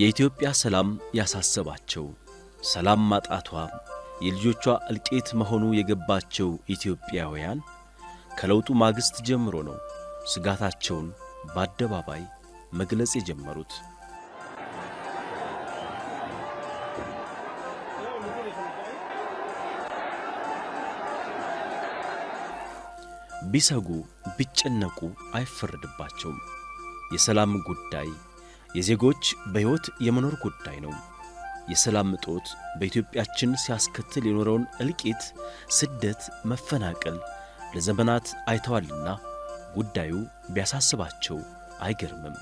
የኢትዮጵያ ሰላም ያሳሰባቸው፣ ሰላም ማጣቷ የልጆቿ እልቂት መሆኑ የገባቸው ኢትዮጵያውያን ከለውጡ ማግስት ጀምሮ ነው ስጋታቸውን በአደባባይ መግለጽ የጀመሩት። ቢሰጉ ቢጨነቁ አይፈረድባቸውም። የሰላም ጉዳይ የዜጎች በሕይወት የመኖር ጉዳይ ነው። የሰላም እጦት በኢትዮጵያችን ሲያስከትል የኖረውን እልቂት፣ ስደት፣ መፈናቀል ለዘመናት አይተዋልና ጉዳዩ ቢያሳስባቸው አይገርምም።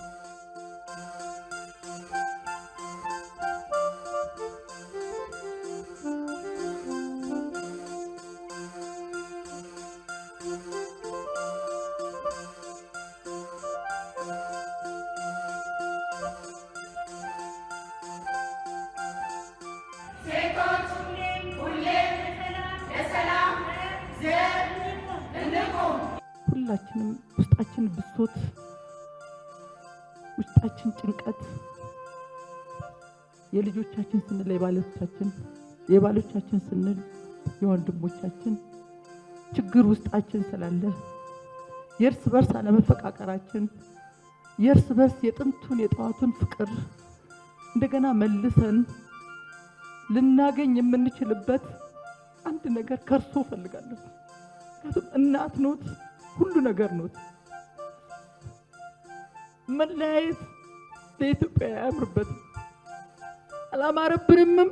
ሁላችንም ውስጣችን ብሶት፣ ውስጣችን ጭንቀት፣ የልጆቻችን ስንል የባሎቻችን የባሎቻችን ስንል የወንድሞቻችን ችግር ውስጣችን ስላለ የእርስ በርስ አለመፈቃቀራችን የእርስ በርስ የጥንቱን የጠዋቱን ፍቅር እንደገና መልሰን ልናገኝ የምንችልበት አንድ ነገር ከእርሶ እፈልጋለሁ። ምክንያቱም እናት ኖት። ሁሉ ነገር ነው። መለያየት ለኢትዮጵያ አያምርበትም፣ አላማረብንምም፣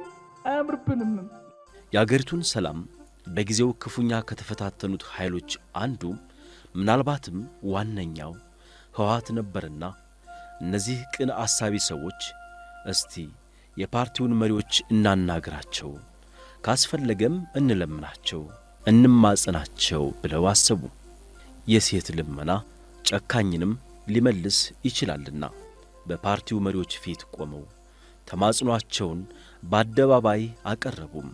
አያምርብንምም። የአገሪቱን ሰላም በጊዜው ክፉኛ ከተፈታተኑት ኃይሎች አንዱ ምናልባትም ዋነኛው ህወሓት ነበርና እነዚህ ቅን አሳቢ ሰዎች እስቲ የፓርቲውን መሪዎች እናናግራቸው፣ ካስፈለገም እንለምናቸው፣ እንማጽናቸው ብለው አሰቡ። የሴት ልመና ጨካኝንም ሊመልስ ይችላልና በፓርቲው መሪዎች ፊት ቆመው ተማጽኗቸውን በአደባባይ አቀረቡም።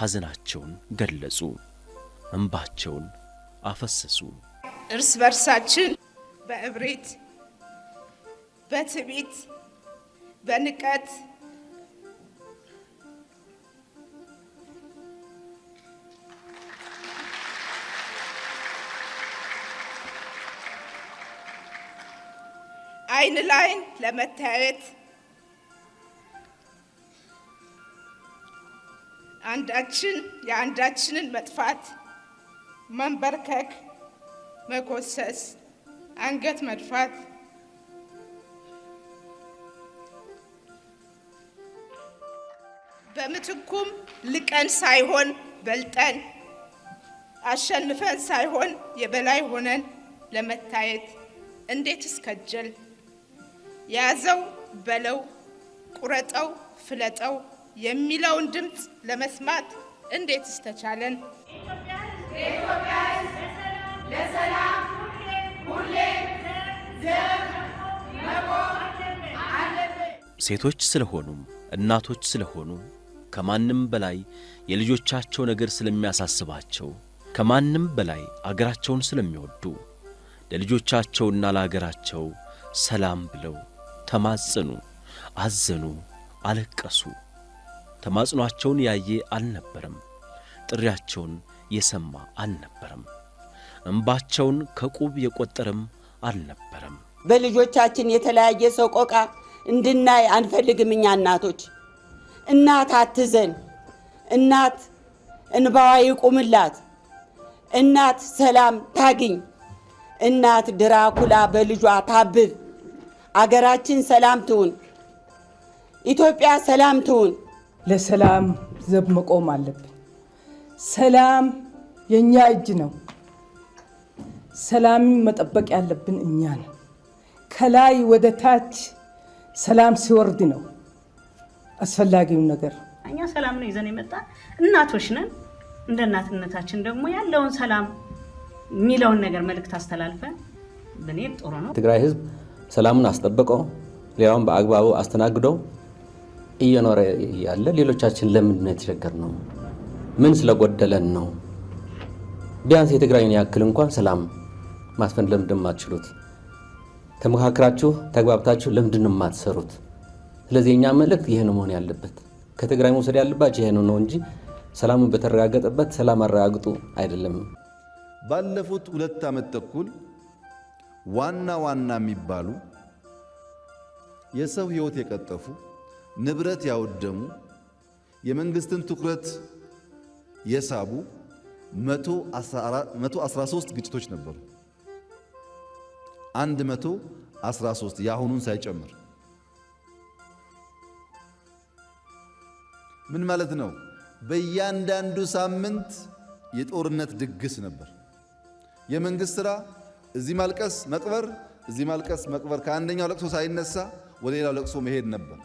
ሐዘናቸውን ገለጹ፣ እንባቸውን አፈሰሱ። እርስ በርሳችን በእብሪት፣ በትዕቢት፣ በንቀት አይን ላይን ለመታየት አንዳችን የአንዳችንን መጥፋት መንበርከክ፣ መኮሰስ፣ አንገት መድፋት በምትኩም ልቀን ሳይሆን በልጠን አሸንፈን ሳይሆን የበላይ ሆነን ለመታየት እንዴት እስከጀል ያዘው በለው፣ ቁረጠው፣ ፍለጠው የሚለውን ድምፅ ለመስማት እንዴት ስተቻለን? ሴቶች ስለሆኑም እናቶች ስለሆኑ ከማንም በላይ የልጆቻቸው ነገር ስለሚያሳስባቸው ከማንም በላይ አገራቸውን ስለሚወዱ ለልጆቻቸውና ለአገራቸው ሰላም ብለው ተማጸኑ፣ አዘኑ፣ አለቀሱ። ተማጽኗቸውን ያየ አልነበረም። ጥሪያቸውን የሰማ አልነበረም። እምባቸውን ከቁብ የቆጠረም አልነበረም። በልጆቻችን የተለያየ ቆቃ እንድናይ አንፈልግም። እኛ እናቶች እናት አትዘን፣ እናት እንባዋ ይቁምላት፣ እናት ሰላም ታግኝ፣ እናት ድራኩላ በልጇ ታብብ አገራችን ሰላም ትሁን። ኢትዮጵያ ሰላም ትሁን። ለሰላም ዘብ መቆም አለብን። ሰላም የእኛ እጅ ነው። ሰላም መጠበቅ ያለብን እኛ ነው። ከላይ ወደ ታች ሰላም ሲወርድ ነው አስፈላጊው ነገር። እኛ ሰላም ነው ይዘን የመጣ እናቶች ነን። እንደ እናትነታችን ደግሞ ያለውን ሰላም የሚለውን ነገር መልእክት አስተላልፈን ብንሄድ ጥሩ ነው። ትግራይ ህዝብ ሰላሙን አስጠብቆ ሌላውን በአግባቡ አስተናግዶ እየኖረ ያለ ሌሎቻችን ለምንድን ነው የተቸገርነው? ምን ስለጎደለን ነው? ቢያንስ የትግራይን ያክል እንኳን ሰላም ማስፈን ለምንድን ማትችሉት? ተመካክራችሁ ተግባብታችሁ ለምንድን ማትሰሩት? ስለዚህ የኛ መልእክት ይህን መሆን ያለበት ከትግራይ መውሰድ ያለባቸው ይህን ነው እንጂ ሰላሙን በተረጋገጠበት ሰላም አረጋግጡ አይደለም። ባለፉት ሁለት ዓመት ተኩል ዋና ዋና የሚባሉ የሰው ሕይወት የቀጠፉ ንብረት ያወደሙ የመንግስትን ትኩረት የሳቡ 113 ግጭቶች ነበሩ። 113 የአሁኑን ሳይጨምር ምን ማለት ነው? በእያንዳንዱ ሳምንት የጦርነት ድግስ ነበር። የመንግስት ሥራ እዚህ ማልቀስ መቅበር፣ እዚህ ማልቀስ መቅበር፣ ከአንደኛው ለቅሶ ሳይነሳ ወደ ሌላው ለቅሶ መሄድ ነበር።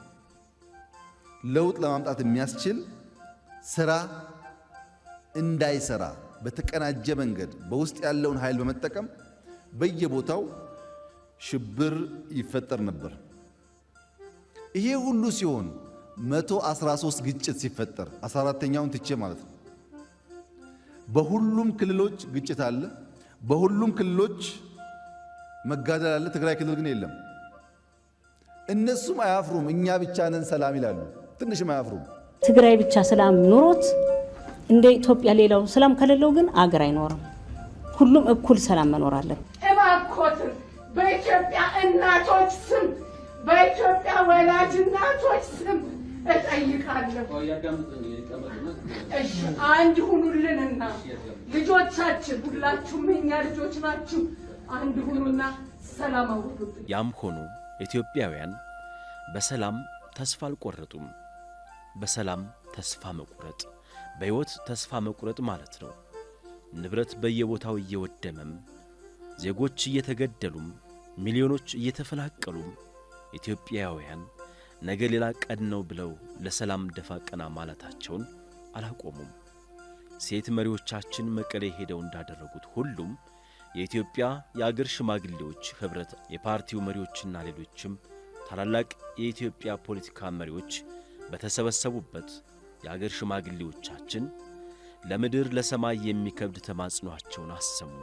ለውጥ ለማምጣት የሚያስችል ስራ እንዳይሰራ በተቀናጀ መንገድ በውስጥ ያለውን ኃይል በመጠቀም በየቦታው ሽብር ይፈጠር ነበር። ይሄ ሁሉ ሲሆን 113 ግጭት ሲፈጠር 14ተኛውን ትቼ ማለት ነው። በሁሉም ክልሎች ግጭት አለ። በሁሉም ክልሎች መጋደል አለ። ትግራይ ክልል ግን የለም። እነሱም አያፍሩም። እኛ ብቻ ነን ሰላም ይላሉ። ትንሽም አያፍሩም። ትግራይ ብቻ ሰላም ኑሮት እንደ ኢትዮጵያ ሌላው ሰላም ከሌለው ግን አገር አይኖርም። ሁሉም እኩል ሰላም መኖር አለን። እባኮትን በኢትዮጵያ እናቶች ስም በኢትዮጵያ ወላጅ እናቶች ስም እጠይቃለሁ። አንድ ሁኑልንና ልጆቻችን ሁላችሁም የእኛ ልጆች ናችሁ። አንድ ሁኑና ሰላም አውርዱብን። ያም ሆኑ ኢትዮጵያውያን በሰላም ተስፋ አልቆረጡም። በሰላም ተስፋ መቁረጥ በሕይወት ተስፋ መቁረጥ ማለት ነው። ንብረት በየቦታው እየወደመም ዜጎች እየተገደሉም ሚሊዮኖች እየተፈናቀሉም ኢትዮጵያውያን ነገ ሌላ ቀን ነው ብለው ለሰላም ደፋ ቀና ማለታቸውን አላቆሙም። ሴት መሪዎቻችን መቀሌ ሄደው እንዳደረጉት ሁሉም የኢትዮጵያ የአገር ሽማግሌዎች ኅብረት፣ የፓርቲው መሪዎችና ሌሎችም ታላላቅ የኢትዮጵያ ፖለቲካ መሪዎች በተሰበሰቡበት የአገር ሽማግሌዎቻችን ለምድር ለሰማይ የሚከብድ ተማጽኗቸውን አሰሙ።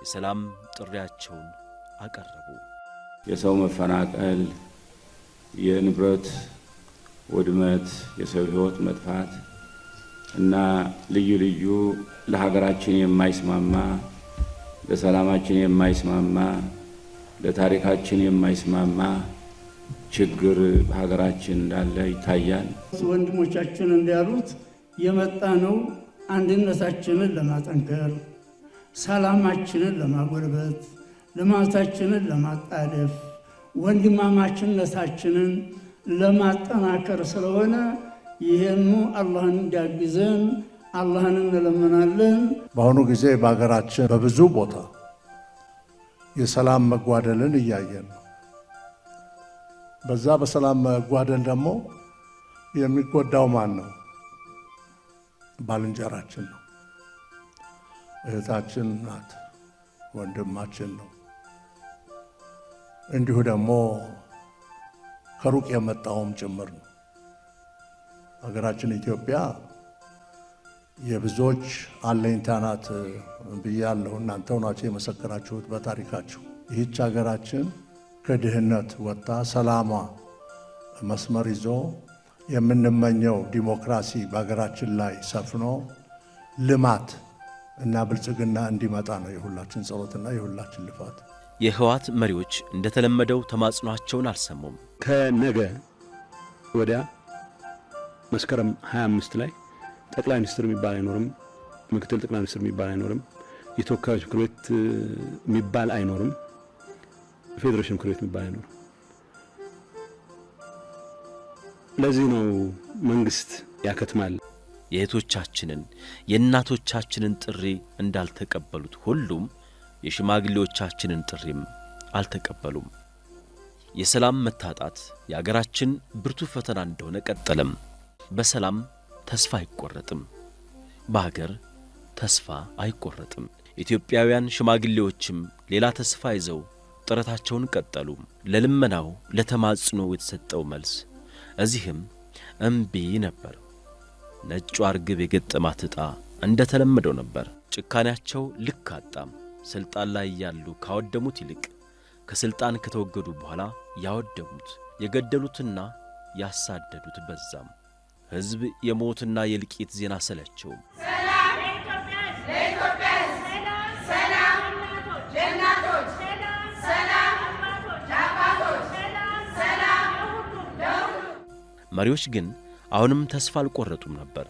የሰላም ጥሪያቸውን አቀረቡ። የሰው መፈናቀል፣ የንብረት ውድመት፣ የሰው ሕይወት መጥፋት እና ልዩ ልዩ ለሀገራችን የማይስማማ ለሰላማችን የማይስማማ ለታሪካችን የማይስማማ ችግር በሀገራችን እንዳለ ይታያል። ወንድሞቻችን እንዳሉት የመጣ ነው አንድነታችንን ለማጠንከር፣ ሰላማችንን ለማጎልበት፣ ልማታችንን ለማጣደፍ፣ ወንድማማችነታችንን ለማጠናከር ስለሆነ ይህኑ አላህን እንዲያግዘን አላህን እንለምናለን። በአሁኑ ጊዜ በሀገራችን በብዙ ቦታ የሰላም መጓደልን እያየን ነው። በዛ በሰላም መጓደል ደግሞ የሚጎዳው ማን ነው? ባልንጀራችን ነው፣ እህታችን ናት፣ ወንድማችን ነው። እንዲሁ ደግሞ ከሩቅ የመጣውም ጭምር ነው። ሀገራችን ኢትዮጵያ የብዙዎች አለኝታ ናት ብያለሁ። እናንተው ናቸው የመሰከራችሁት በታሪካችሁ። ይህች ሀገራችን ከድህነት ወጥታ ሰላሟ መስመር ይዞ የምንመኘው ዲሞክራሲ በሀገራችን ላይ ሰፍኖ ልማት እና ብልጽግና እንዲመጣ ነው የሁላችን ጸሎትና የሁላችን ልፋት። የህወሓት መሪዎች እንደተለመደው ተማጽኗቸውን አልሰሙም። ከነገ ወዲያ መስከረም 25 ላይ ጠቅላይ ሚኒስትር የሚባል አይኖርም፣ ምክትል ጠቅላይ ሚኒስትር የሚባል አይኖርም፣ የተወካዮች ምክር ቤት የሚባል አይኖርም፣ ፌዴሬሽን ምክር ቤት የሚባል አይኖርም። ለዚህ ነው መንግስት ያከትማል። የእህቶቻችንን የእናቶቻችንን ጥሪ እንዳልተቀበሉት ሁሉም የሽማግሌዎቻችንን ጥሪም አልተቀበሉም። የሰላም መታጣት የአገራችን ብርቱ ፈተና እንደሆነ ቀጠለም። በሰላም ተስፋ አይቆረጥም። በሀገር ተስፋ አይቆረጥም። ኢትዮጵያውያን ሽማግሌዎችም ሌላ ተስፋ ይዘው ጥረታቸውን ቀጠሉ። ለልመናው ለተማጽኖ የተሰጠው መልስ እዚህም እምቢ ነበር። ነጩ አርግብ የገጠማት ዕጣ እንደ ተለመደው ነበር። ጭካኔያቸው ልክ አጣም። ሥልጣን ላይ ያሉ ካወደሙት ይልቅ ከሥልጣን ከተወገዱ በኋላ ያወደሙት የገደሉትና ያሳደዱት በዛም። ሕዝብ የሞትና የእልቂት ዜና ሰለቸው። መሪዎች ግን አሁንም ተስፋ አልቆረጡም ነበር።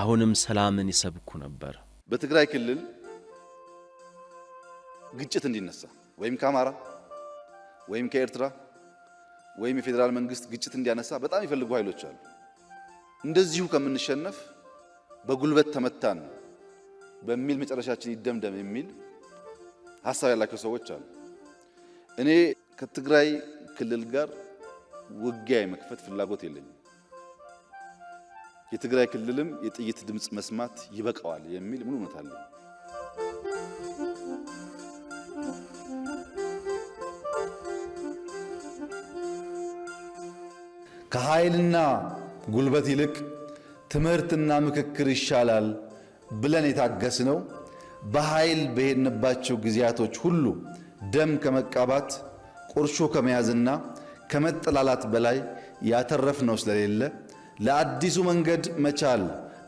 አሁንም ሰላምን ይሰብኩ ነበር። በትግራይ ክልል ግጭት እንዲነሳ ወይም ከአማራ ወይም ከኤርትራ ወይም የፌዴራል መንግስት ግጭት እንዲያነሳ በጣም ይፈልጉ ኃይሎች አሉ። እንደዚሁ ከምንሸነፍ በጉልበት ተመታን በሚል መጨረሻችን ይደምደም የሚል ሀሳብ ያላቸው ሰዎች አሉ። እኔ ከትግራይ ክልል ጋር ውጊያ የመክፈት ፍላጎት የለኝም። የትግራይ ክልልም የጥይት ድምፅ መስማት ይበቃዋል የሚል ምን እውነት አለ? ከኃይልና ጉልበት ይልቅ ትምህርትና ምክክር ይሻላል ብለን የታገስነው በኃይል በሄድንባቸው ጊዜያቶች ሁሉ ደም ከመቃባት ቁርሾ ከመያዝና ከመጠላላት በላይ ያተረፍነው ስለሌለ ለአዲሱ መንገድ መቻል፣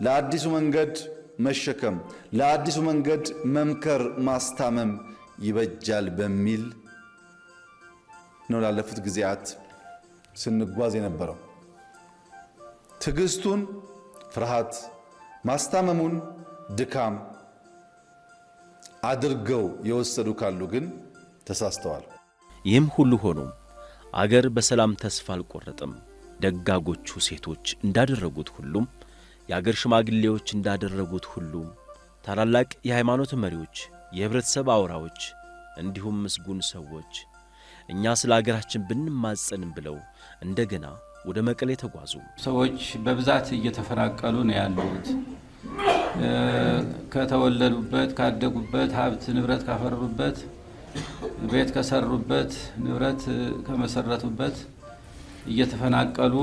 ለአዲሱ መንገድ መሸከም፣ ለአዲሱ መንገድ መምከር፣ ማስታመም ይበጃል በሚል ነው ላለፉት ጊዜያት ስንጓዝ የነበረው። ትዕግስቱን ፍርሃት፣ ማስታመሙን ድካም አድርገው የወሰዱ ካሉ ግን ተሳስተዋል። ይህም ሁሉ ሆኖም አገር በሰላም ተስፋ አልቆረጠም። ደጋጎቹ ሴቶች እንዳደረጉት ሁሉም፣ የአገር ሽማግሌዎች እንዳደረጉት ሁሉም፣ ታላላቅ የሃይማኖት መሪዎች፣ የህብረተሰብ አውራዎች እንዲሁም ምስጉን ሰዎች እኛ ስለ አገራችን ብንማጸንም ብለው እንደገና ወደ መቀሌ ተጓዙ። ሰዎች በብዛት እየተፈናቀሉ ነው ያሉት። ከተወለዱበት፣ ካደጉበት፣ ሀብት ንብረት ካፈሩበት፣ ቤት ከሰሩበት፣ ንብረት ከመሰረቱበት እየተፈናቀሉ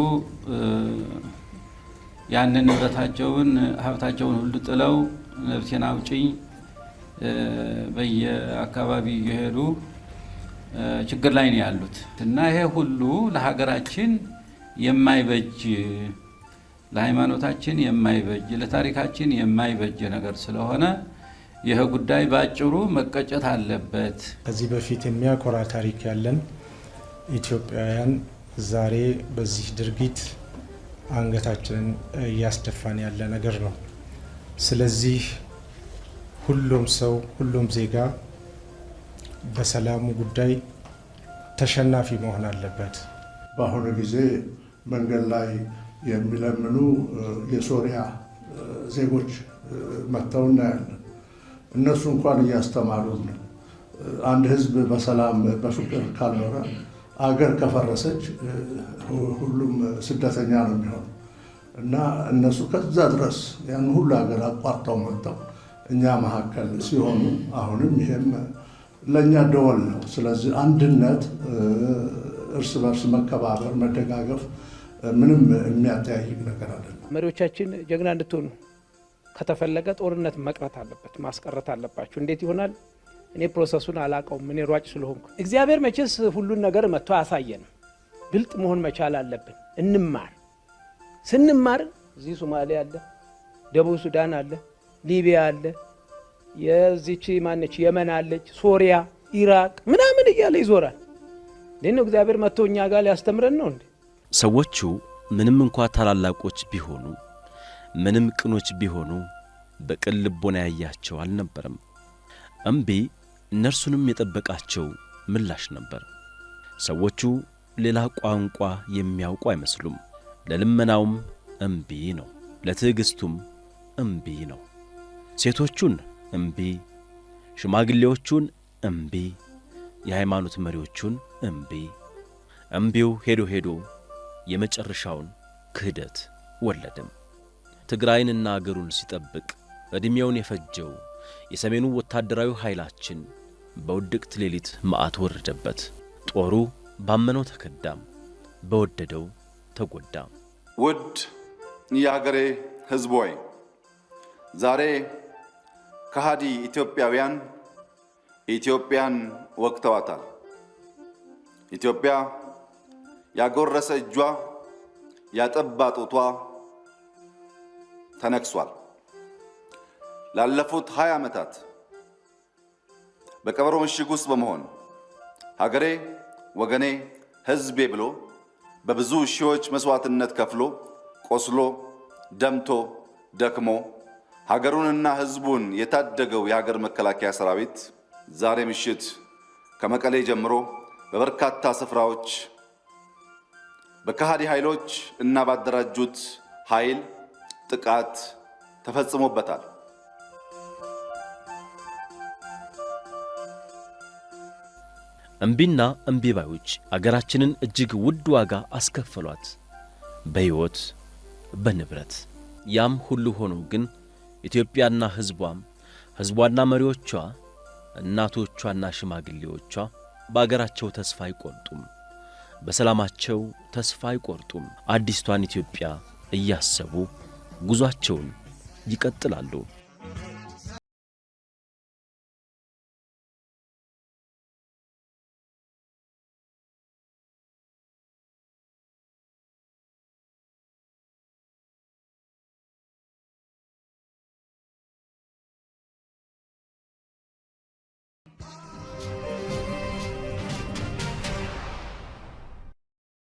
ያንን ንብረታቸውን ሀብታቸውን ሁሉ ጥለው ነብቴና አውጭኝ በየአካባቢ እየሄዱ ችግር ላይ ነው ያሉት እና ይሄ ሁሉ ለሀገራችን የማይበጅ ለሃይማኖታችን የማይበጅ ለታሪካችን የማይበጅ ነገር ስለሆነ ይህ ጉዳይ በአጭሩ መቀጨት አለበት። ከዚህ በፊት የሚያኮራ ታሪክ ያለን ኢትዮጵያውያን ዛሬ በዚህ ድርጊት አንገታችንን እያስደፋን ያለ ነገር ነው። ስለዚህ ሁሉም ሰው ሁሉም ዜጋ በሰላሙ ጉዳይ ተሸናፊ መሆን አለበት። በአሁኑ ጊዜ መንገድ ላይ የሚለምኑ የሶሪያ ዜጎች መጥተው እናያለን። እነሱ እንኳን እያስተማሩት ነው። አንድ ህዝብ በሰላም በፍቅር ካልኖረ አገር ከፈረሰች ሁሉም ስደተኛ ነው የሚሆነው እና እነሱ ከዛ ድረስ ያን ሁሉ ሀገር አቋርጠው መጥተው እኛ መካከል ሲሆኑ አሁንም ይሄም ለእኛ ደወል ነው። ስለዚህ አንድነት፣ እርስ በርስ መከባበር፣ መደጋገፍ ምንም የሚያተያይ ነገር አይደለም። መሪዎቻችን ጀግና እንድትሆኑ ከተፈለገ ጦርነት መቅረት አለበት፣ ማስቀረት አለባቸው። እንዴት ይሆናል? እኔ ፕሮሰሱን አላቀውም እኔ ሯጭ ስለሆንኩ እግዚአብሔር መቼስ ሁሉን ነገር መጥቶ አያሳየንም። ግልጥ መሆን መቻል አለብን። እንማር። ስንማር እዚህ ሶማሌ አለ፣ ደቡብ ሱዳን አለ፣ ሊቢያ አለ፣ የዚች ማነች የመን አለች፣ ሶሪያ፣ ኢራቅ ምናምን እያለ ይዞራል። ይህ ነው እግዚአብሔር መጥቶ እኛ ጋር ሊያስተምረን ነው እንዴ? ሰዎቹ ምንም እንኳ ታላላቆች ቢሆኑ ምንም ቅኖች ቢሆኑ በቅን ልቦና ያያቸው አልነበረም። እምቢ እነርሱንም የጠበቃቸው ምላሽ ነበር። ሰዎቹ ሌላ ቋንቋ የሚያውቁ አይመስሉም። ለልመናውም እምቢ ነው፣ ለትዕግሥቱም እምቢ ነው። ሴቶቹን እምቢ፣ ሽማግሌዎቹን እምቢ፣ የሃይማኖት መሪዎቹን እምቢ። እምቢው ሄዶ ሄዶ የመጨረሻውን ክህደት ወለደም። ትግራይንና አገሩን ሲጠብቅ ዕድሜውን የፈጀው የሰሜኑ ወታደራዊ ኃይላችን በውድቅት ሌሊት መዓት ወረደበት። ጦሩ ባመነው ተከዳም፣ በወደደው ተጎዳም። ውድ የአገሬ ሕዝብ ዛሬ ከሃዲ ኢትዮጵያውያን ኢትዮጵያን ወቅተዋታል። ኢትዮጵያ ያጎረሰ እጇ ያጠባ ጡቷ ተነክሷል። ላለፉት 20 ዓመታት በቀበሮ ምሽግ ውስጥ በመሆን ሀገሬ፣ ወገኔ፣ ህዝቤ ብሎ በብዙ ሺዎች መስዋዕትነት ከፍሎ ቆስሎ ደምቶ ደክሞ ሀገሩንና ህዝቡን የታደገው የሀገር መከላከያ ሰራዊት ዛሬ ምሽት ከመቀሌ ጀምሮ በበርካታ ስፍራዎች በከሃዲ ኃይሎች እና ባደራጁት ኃይል ጥቃት ተፈጽሞበታል። እምቢና እምቢባዮች አገራችንን እጅግ ውድ ዋጋ አስከፈሏት፣ በሕይወት በንብረት። ያም ሁሉ ሆኖ ግን ኢትዮጵያና ሕዝቧም ሕዝቧና መሪዎቿ እናቶቿና ሽማግሌዎቿ በአገራቸው ተስፋ አይቆርጡም። በሰላማቸው ተስፋ አይቆርጡም። አዲስቷን ኢትዮጵያ እያሰቡ ጉዟቸውን ይቀጥላሉ።